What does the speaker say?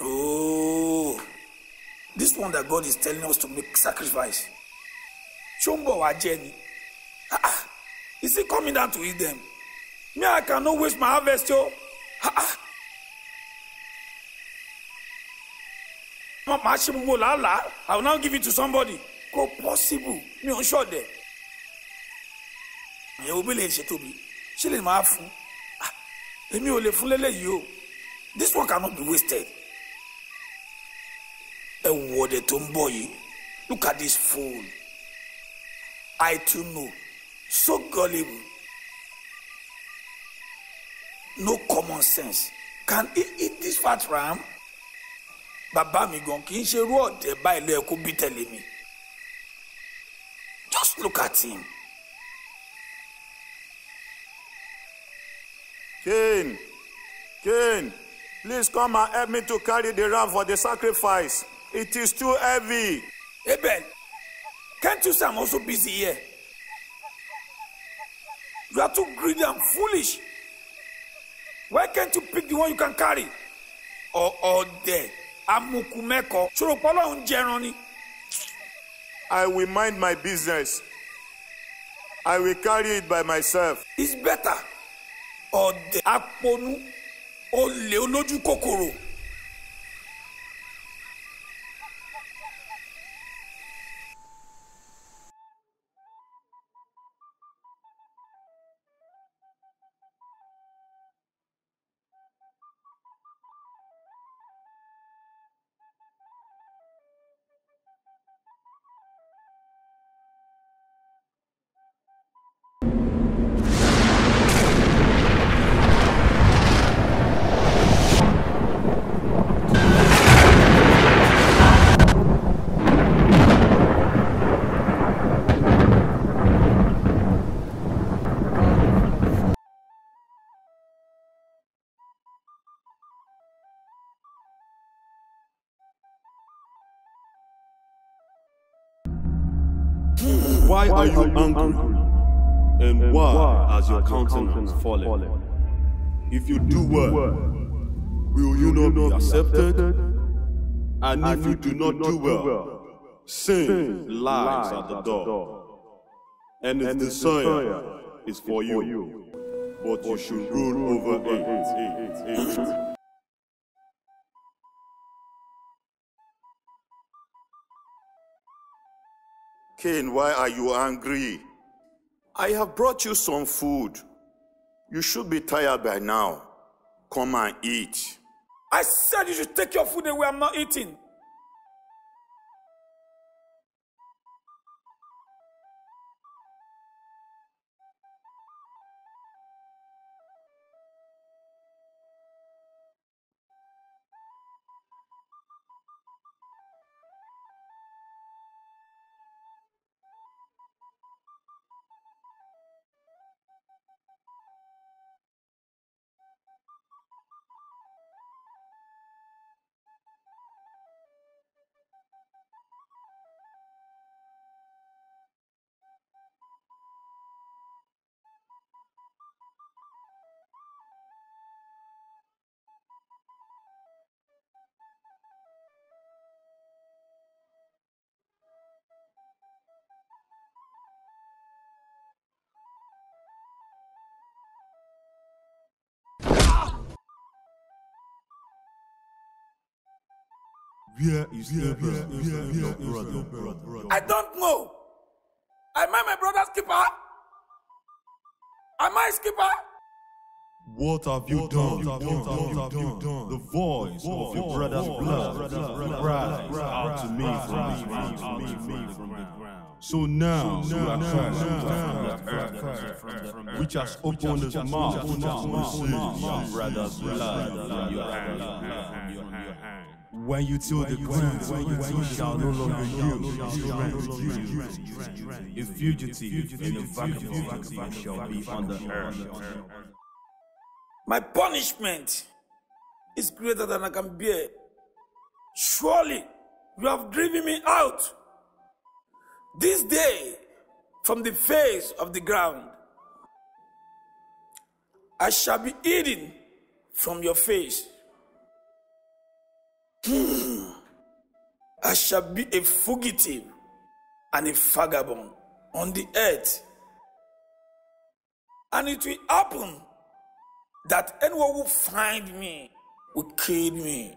Oh, this one that God is telling us to make sacrifice. Chumbo, ó Jenny? bọ̀ Is he coming down to eat them? Me, I cannot waste my harvest, yo. Ah, ah. Màá ṣe gbogbo làálàá, I will now give it to somebody. Go possible, me ò ń ṣọ̀dẹ̀. Ìyẹn omi lè ṣe tóbi, ṣé She máa fún? Ah, èmi ò lè fún lélẹ́yìí o. This one cannot be wasted ẹ wọ ọdẹ tó look at this fool I too know so gullible no common sense can he eat this fat ram Baba mi gan kì í ṣe irú ọ̀dẹ̀ báyìí ló yẹ kó bí tẹ̀lé mi just look at him. Cain, Cain, please come and help me to carry the ram for the sacrifice. It is too heavy. Abel, can't you see I'm also busy here? You are too greedy and foolish. Why can't you pick the one you can carry? Or ọdẹ amukumẹkọ ṣòròpọ̀ ọlọ́run jẹran ni. I will mind my business. I will carry it by myself. It's better. ọdẹ aponu olè olójú kòkòrò. Why, why are you, are you angry? angry? And, and why, why has your countenance fallen? fallen? If you do well, will you not be accepted? And if you do not do well, sin lies at the door. And its desire is for you, but you should rule over it. why are you angry? I have brought you some food. You should be tired by now. Come and eat. I said you should take your food away. I'm not eating. I don't know. Am I my brother's keeper? Am I his keeper? What have you done? The voice of your brother's blood cries out to me from the ground. So now, which has opened his mouth When you till the ground, you shall no longer use. A fugitive and a vagabond shall be on the earth. My punishment is greater than I can bear. Surely you have driven me out this day from the face of the ground. I shall be eaten from your face. Hmm. I shall be a fugitive and a vagabond on the earth. And it will happen that anyone who find me will kill me.